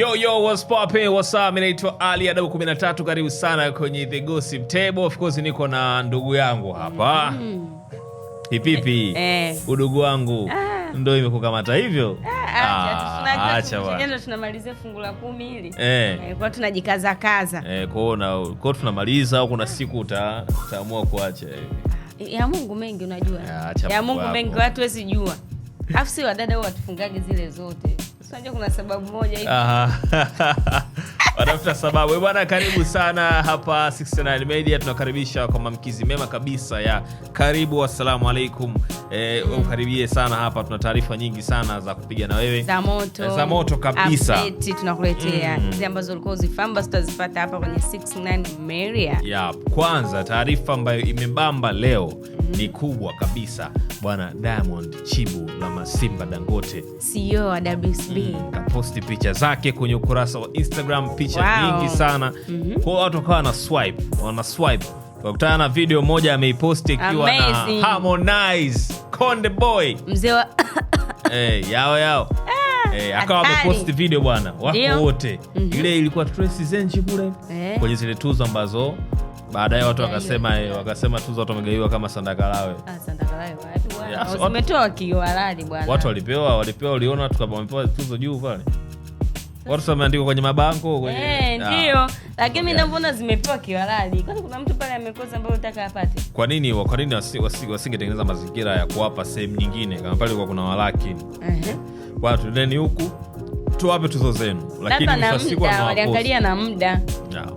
Yo, yo, what's poppin', what's up? Mimi naitwa Ali Adabu 13, karibu sana kwenye The Gossip Table. Of course niko na ndugu yangu hapa Pipipi. mm. Mm-hmm. Ipipi eh, eh. Udugu wangu ah. Ndo imekukamata hivyo Ah, ah, acha tunamalizia fungu la kumi hili eh. Eh, kwa tunajikaza kaza eh, kwa tunamaliza au kuna siku utaamua kuacha hivi. Ah, ya Mungu mengi unajua. Ya, ah, ya Mungu mengi watu wesijua. Afu si wadada watufungage zile zote wanafuta sababu Watafuta eh, Bwana, karibu sana hapa 69 Media, tunakaribisha kwa mamkizi mema kabisa ya karibu. wasalamu alaikum. E, Ukaribie sana hapa, tuna taarifa nyingi sana za kupiga na wewe za moto, eh, za moto kabisa. Update tunakuletea mm. zile ambazo ulikuwa uzifamba basi tutazipata hapa kwenye 69 Media. yeah, kwanza taarifa ambayo imebamba leo ni kubwa kabisa bwana Diamond Chibu na Masimba Dangote CEO wa WCB mm, picha zake kwenye ukurasa wa Instagram, picha wow, nyingi sana mm -hmm. Kwa watu wakawa na swipe wana swipe wakutana na video moja ameiposti ikiwa na Harmonize Konde Boy mzee wa hey, eh, yao yao Hey, ah, eh, akawa ameposti video bwana wako wote mm -hmm. Ile ilikuwa Tracy Zenji kule hey, eh. kwenye zile tuzo ambazo baadaye watu yaani, wakasema eh, wakasema tuzo watu wamegaiwa kama sandakalawe ah, watu walipewa walipewa uliona wamepewa tuzo juu pale watu wameandikwa kwenye mabango kwenye... Eh, ah. ndio lakini mi navyoona zimepewa kiwalali kwani kuna mtu pale amekosa ambayo utaka apate kwa nini kwa nini wasingetengeneza mazingira ya kuwapa sehemu nyingine kama pale kwa kuna walaki uh kwa huku tuwape tuzo zenu, lakini waliangalia na muda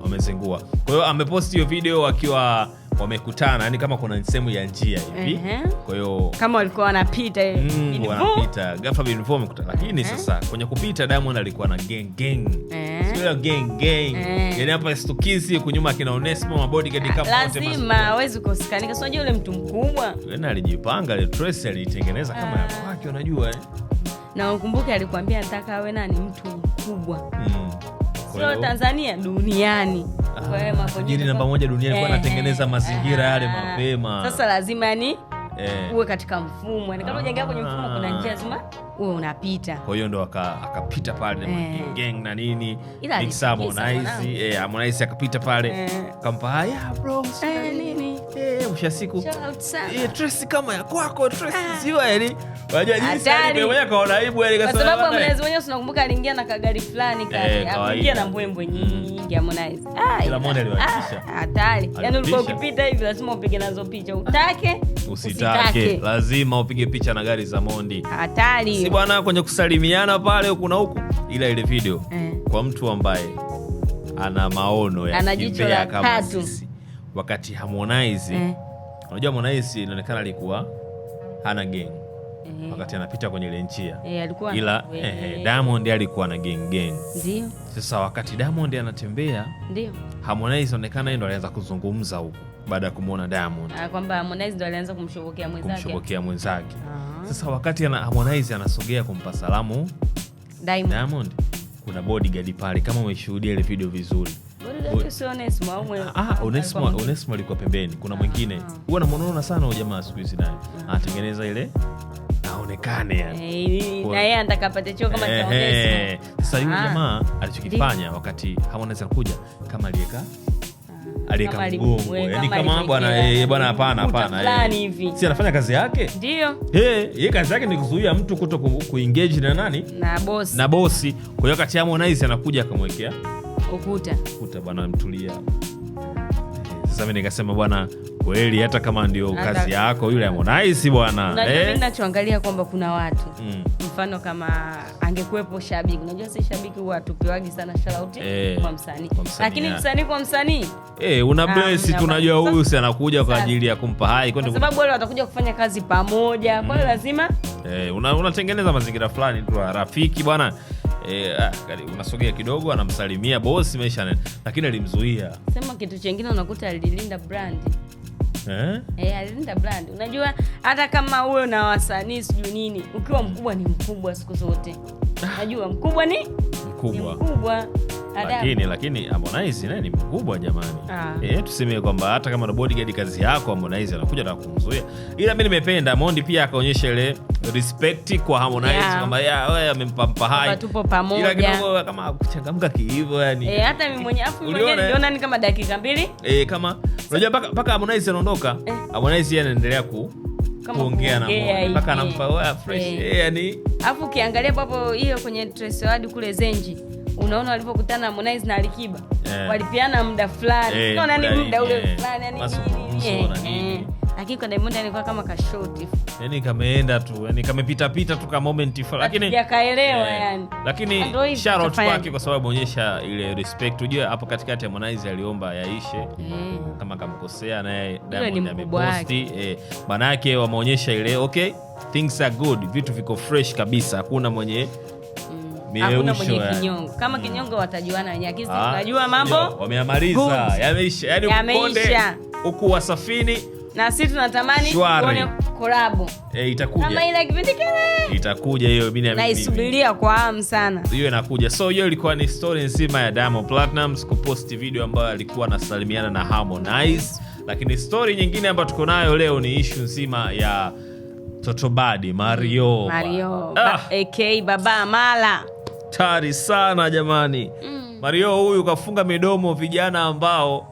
wamezingua. Kwa hiyo ameposti hiyo video wakiwa wamekutana, yani kama kuna sehemu ya njia hivi, kwa hiyo kama walikuwa wanapita mm, wanapita ghafla wamekutana, lakini Sasa kwenye kupita Diamond alikuwa na gang gang yani hapa stukizi kunyuma kina Onesmo kama ah, yule mtu mkubwa, yaani alijipanga ile dress alitengeneza kama yake, ah. unajua eh na ukumbuke alikwambia nataka awe nani mtu mkubwa mm. sio Tanzania duniani ajiri ah, namba moja duniani kwa eh, anatengeneza eh, mazingira yale eh, mapema sasa lazima ni uwe katika mfumo yani kama ah. ujaingia kwenye mfumo kuna njia zima huo unapita. Kwa hiyo ndo akapita pale eh. na gang na nini mix Harmonize, eh, Harmonize akapita pale eh. kampa haya bro eh, nini eh, mwisho siku eh, dress kama ya kwako dress ziwa ah. yani unajua jinsi wewe kaona aibu yani, kwa sababu Harmonize mwenyewe tunakumbuka aliingia na kagari fulani kati aliingia na mbwembwe mm. nyingi Harmonize, ah ila model aliwatisha hatari, yani ulikuwa ukipita hivi lazima upige nazo picha, utake usitake, lazima upige picha na gari za Mondi hatari si bwana, kwenye kusalimiana pale huku na huku, ila ile video eh, kwa mtu ambaye ana maono ya kimbea kama sisi, wakati Harmonize eh, unajua Harmonize inaonekana alikuwa hana gang eh, wakati anapita kwenye ile njia eh, ila eh, eh, Diamond alikuwa na gang gang. Ndio sasa wakati Diamond anatembea, ndio Harmonize inaonekana yeye ndo alianza kuzungumza huko baada ya kumwona Diamond ah, kwamba Harmonize ndo alianza kumshobokea mwenzake, kumshobokea mwenzake ah. Sasa wakati ana Harmonize anasogea kumpa salamu Diamond, Diamond kuna bodyguard pale, kama umeshuhudia ile video vizuri Onesmo alikuwa pembeni, kuna ah. mwingine huwa namuona sana huyo jamaa siku hizi, naye anatengeneza ile aonekane eh, na yeye eh, eh. Sasa yule ah. jamaa alichokifanya wakati Harmonize anakuja kama aliweka si anafanya kazi yake hey, eh, kazi yake ni kuzuia mtu kuto kuingeji na nani na bosi kwahiyo kati ya anakuja akamwekea ukuta ukuta, bwana mtulia. Eh, sasa mi nikasema bwana kweli, hata kama ndio kazi yako yule Harmonize bwana. Eh? Mimi ninachoangalia kwamba kuna watu mm. mfano kama angekuwepo shabiki, unajua si shabiki huwa tupiwagi sana shout out eh, kwa msanii, lakini msanii kwa msanii eh, una ah, bless, ah, tunajua huyu si anakuja kwa ajili ya kumpa hai, kwa sababu wale watakuja kufanya kazi pamoja mm. kwa hiyo mm. lazima eh, unatengeneza una mazingira fulani tu ah, rafiki bwana. Eh, ah, unasogea kidogo, anamsalimia bosi, maisha, lakini alimzuia. Sema kitu chengine, unakuta alilinda brand eh? Eh, alinda brand. Unajua hata kama wewe na wasanii sijui nini, ukiwa mkubwa ni mkubwa siku zote. Najua mkubwa ni mkubwa, ni mkubwa lakini lakini Harmonize naye ni mkubwa jamani. ah. E, eh, tuseme kwamba hata kama na bodyguard kazi yako Harmonize anakuja na kumzuia, ila mi nimependa Mondi pia akaonyesha ile respect kwa Harmonize kwamba wewe amempa mpa hai, tupo pamoja, ila kama kuchangamka kiivo yani. E, hata mimi mwenyewe afu mwenyewe eh? niliona ni kama dakika mbili e, kama unajua mpaka mpaka Harmonize anaondoka eh. Harmonize anaendelea ku kuongea na mpaka anampa fresh yani, afu ukiangalia hapo hiyo kwenye Trace kule Zenji unaona walipokutana na Harmonize na Alikiba yeah. walipiana muda fulani hey, eh, unaona ni muda ule eh, fulani yani nini eh, lakini kwa Diamond alikuwa kama ka short yani kameenda tu yani kamepita pita tu ka moment fulani lakini hajakaelewa eh, yani lakini shout kwake kwa sababu onyesha ile respect unajua hapo katikati Harmonize aliomba yaishe mm. kama kamkosea naye Diamond amepost eh, manake wameonyesha ile okay things are good vitu viko fresh kabisa hakuna mwenye hakuna mwenye kinyongo. Kama kinyongo watajuana wenyewe, lakini tunajua ah, mambo wameamaliza yameisha. Yani yameisha huku wasafini na sisi tunatamani kuone kolabo eh, itakuja kama ile kipindi kile, itakuja hiyo. Mimi naamini naisubiria kwa hamu sana, hiyo inakuja. So hiyo ilikuwa ni story nzima ya Diamond Platnumz kuposti video ambayo alikuwa anasalimiana na Harmonize, lakini story nyingine ambayo tuko nayo leo ni issue nzima ya Totobadi Mario Mario, ah. AK Baba Mala hatari sana jamani. Mm. Mario huyu kafunga midomo vijana ambao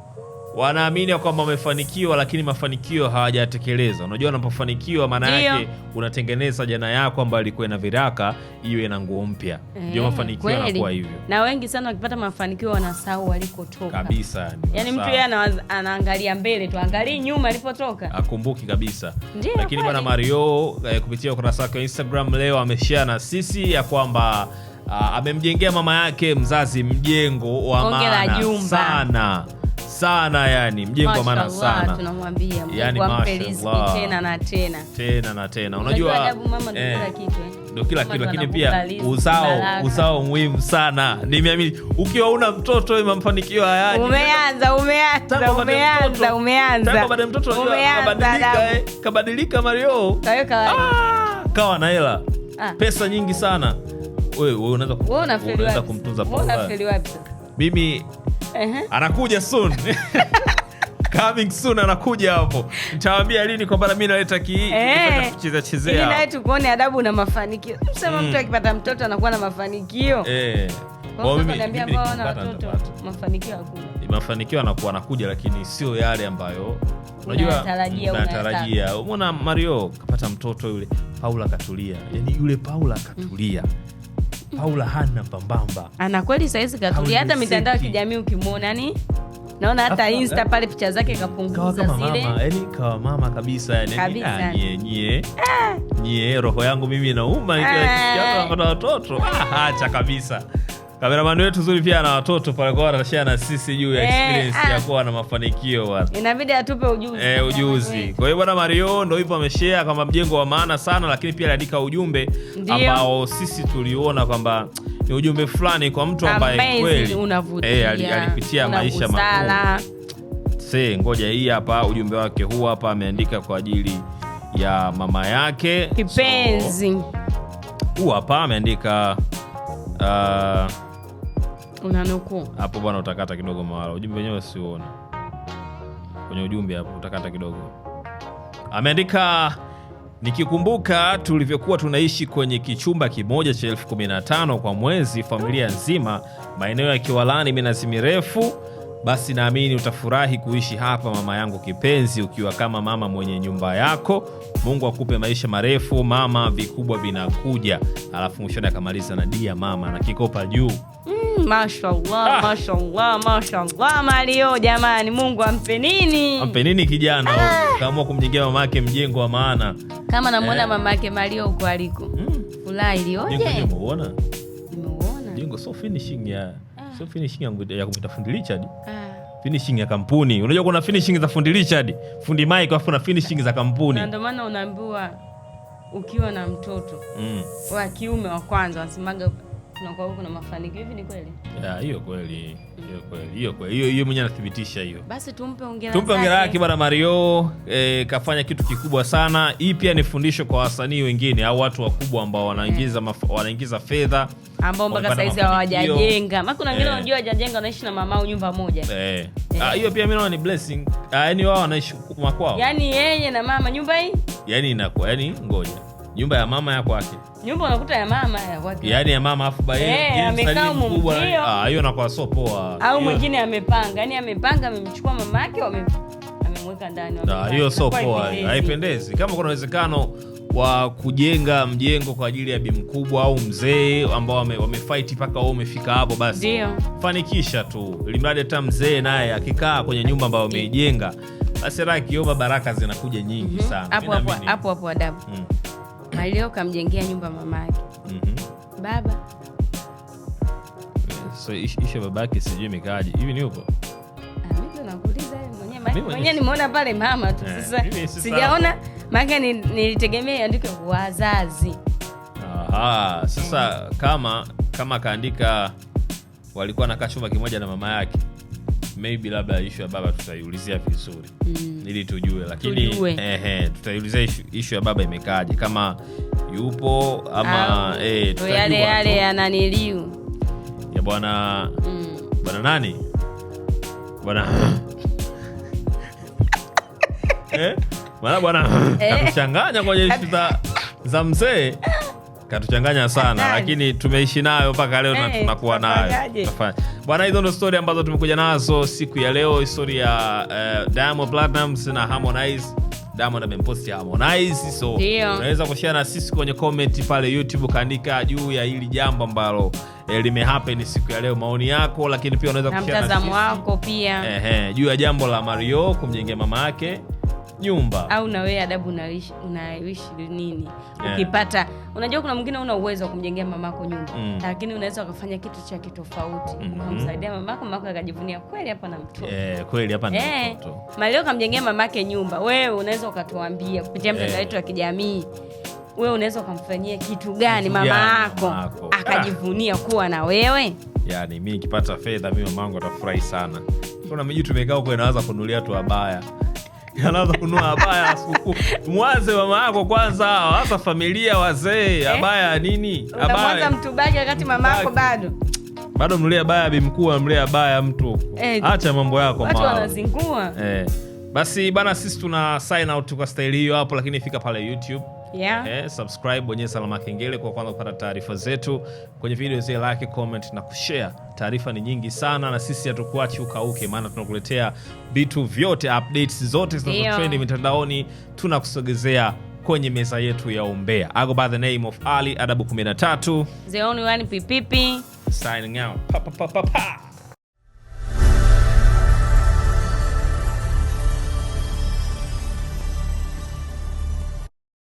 wanaamini kwamba wamefanikiwa, lakini mafanikio hawajatekeleza. Unajua, unapofanikiwa maana yake unatengeneza jana yako ambayo ilikuwa ina viraka iwe na nguo mpya, ndio eh, mafanikio yanakuwa hivyo. Na wengi sana wakipata mafanikio wanasahau walikotoka kabisa, yani mtu yeye anaangalia mbele tu, angalii nyuma alipotoka, akumbuki kabisa. Ndiyo, lakini bwana Mario eh, kupitia ukurasa wake wa Instagram leo ameshare na sisi ya kwamba uh, amemjengea mama yake mzazi mjengo wa maana sana sana yani, mjengo wa maana sana yani tena na tena tena na tena. Unajua ndo eh, kila kitu, eh. lakini pia uzao uzao muhimu sana. Nimeamini ukiwa una mtoto wewe, mafanikio hayaji. Umeanza umeanza umeanza umeanza, tangu baada mtoto kabadilika, eh, kabadilika Mario ah, kawa na hela, ah. pesa nyingi sana unaweza kumtunza mimi anakuja soon coming soon anakuja hapo, nitawaambia lini kwamba nami naleta kicheza eh. tukuone adabu na mafanikio. Sema mm. mtu akipata mtoto anakuwa na mafanikio eh. mafanikio anakuwa anakuja, lakini sio yale ambayo unajua natarajia. Umeona Mario kapata mtoto yule, Paula katulia, yani yule Paula katulia mm. Paula hana mbambamba, ana kweli saizi katulia, hata mitandao ya kijamii ukimwona, yani naona hata Insta eh? pale picha zake kapunguza zile, yani kawa mama kabisa, yani ah, nye, nye, eh. roho yangu mimi inauma, eh. watoto ah, acha kabisa. Kameramani wetu zuri pia ana watoto pale kwao, wanashare na sisi juu ya eh, experience ya ah. kuwa na mafanikio bwana. Inabidi atupe ujuzi. Eh, ujuzi. Kwa hiyo bwana Mario ndio hivyo ameshare kama mjengo wa maana sana, lakini pia aliandika ujumbe ambao sisi tuliona kwamba ni ujumbe fulani kwa mtu ambaye kweli eh, alipitia maisha magumu. Se, ngoja hii hapa ujumbe wake huu hapa ameandika kwa ajili ya mama yake kipenzi. So, huu hapa ameandika uh, unanukuu hapo bwana, utakata kidogo mawala. Ujumbe wenyewe siuona kwenye ujumbe hapo, utakata kidogo. Ameandika, nikikumbuka tulivyokuwa tunaishi kwenye kichumba kimoja cha elfu kumi na tano kwa mwezi, familia nzima, maeneo ya Kiwalani, minazi mirefu basi naamini utafurahi kuishi hapa, mama yangu kipenzi, ukiwa kama mama mwenye nyumba yako. Mungu akupe maisha marefu mama, vikubwa vinakuja. Alafu mwishoni akamaliza na dia mama na kikopa juu. Mm, mashallah, ah. Mashallah, mashallah Mario, jamani, Mungu ampe nini, ampe nini kijana ah. Kaamua kumjengea mama yake mjengo wa maana kama namwona eh. Mama yake Mario huko aliko mm. Furaha ilioje, nimeuona jengo, so finishing ya ah. So finishing ya, kumita fundi Richard ah. Finishing ya kampuni, unajua kuna finishing za fundi Richard, fundi Mike, afu na finishing za kampuni, ndio maana unaambiwa ukiwa na mtoto mm. wa kiume wa kwanza wasimaga tunakuwa kuna mafanikio hivi. Ni kweli hiyo? Kweli hiyo, kweli hiyo, kweli hiyo hiyo, mwenyewe anathibitisha hiyo. Basi tumpe hongera, tumpe hongera yake bwana Mario. Eh, kafanya kitu kikubwa sana. Hii pia ni fundisho kwa wasanii wengine au watu wakubwa ambao wanaingiza yeah, wanaingiza fedha ambao mpaka saizi hawajajenga. Maana kuna wengine eh. wanajua wanaishi na mamao nyumba moja eh, eh. Ah, hiyo pia mimi naona ni blessing. Ah, yaani wao wanaishi kwa yaani yeye na mama nyumba hii, yaani inakuwa yaani ngoja nyumba ya mama ya kwake, nyumba unakuta ya mama ya kwake, yaani ya mama afu ba eh, yaani amekaa ah, hiyo inakuwa sio poa. Au mwingine amepanga, yani amepanga, amemchukua mama yake, amemweka ndani, ah, hiyo sio poa, haipendezi. Kama kuna uwezekano wa kujenga mjengo kwa ajili ya bi mkubwa au mzee ambao wamefight mpaka wao umefika hapo, basi Dio. fanikisha tu, ili hata mzee naye akikaa kwenye nyumba ambayo ameijenga, basi raha kiomba, baraka zinakuja nyingi mm -hmm. sana hapo hapo hapo adabu mm. Mario kamjengea nyumba mamake mm -hmm. baba so isha babake sijui mikaji hivi ni upo ah, mwenyewe nimeona pale mama tu yeah. Sasa sijaona maana nilitegemea iandike wazazi. Aha, sasa eh. kama kama walikuwa na chumba kimoja na mama yake maybe labda ishu ya baba tutaiulizia vizuri mm. ili tujue lakini eh, tutaiulizia ishu, ya baba imekaaje kama yupo ama eh, yale yale yananiliu ya bwana mm. bwana nani bwana eh? bwana eh. katuchanganya kwenye ishu za, za mzee katuchanganya sana lakini tumeishi nayo mpaka leo hey, eh, tunakuwa nayo Bwana, hizo ndo stori ambazo tumekuja nazo siku ya leo, stori ya uh, Diamond Platnumz na Harmonize. Diamond amemposti Harmonize, so unaweza kushare na sisi kwenye comment pale YouTube, ukaandika juu ya hili jambo ambalo eh, limehappen siku ya leo, maoni yako, lakini pia unaweza kushare na mtazamo wako pia, juu ya jambo la Mario kumjengea mama yake nyumba au na wewe adabu unaishi nini? yeah. Ukipata unajua, kuna mwingine una uwezo wa kumjengea mamako nyumba mm. Lakini unaweza ukafanya kitu cha kitofauti mm -hmm. Ukamsaidia mamako, mamako akajivunia kweli, hapa na mtoto yeah, kweli hapa yeah. na eh. mtoto malio kamjengea mamake nyumba. Wewe unaweza ukatuambia kupitia mtandao eh. wetu wa kijamii wewe unaweza ukamfanyia kitu gani mama yako yeah, akajivunia kuwa na wewe? Yani mi nikipata fedha mi mamangu atafurahi sana. Kuna miji tumekaa huko inaanza kunulia tu wabaya anaanza kunua habaya, mwaze mama yako kwanza, hasa familia, wazee, eh? abaya nini? Habaya mtubaki wakati mama yako bado bado mlee baya, bi mkuu amlee mtu, eh, acha mambo yako, watu wanazingua eh. Basi bana, sisi tuna sign out kwa staili hiyo hapo, lakini fika pale YouTube yeah. Eh, subscribe, bonyeza alama kengele kwa kwanza kupata taarifa zetu kwenye video zile, like, comment na kushare. Taarifa ni nyingi sana, na sisi hatukuachi ukauke, maana tunakuletea vitu vyote, updates zote zinazotrend mitandaoni tunakusogezea kwenye meza yetu ya umbea. I go by the name of Ali Adabu 13 the only one pipipi signing out pa, pa, pa, pa, pa.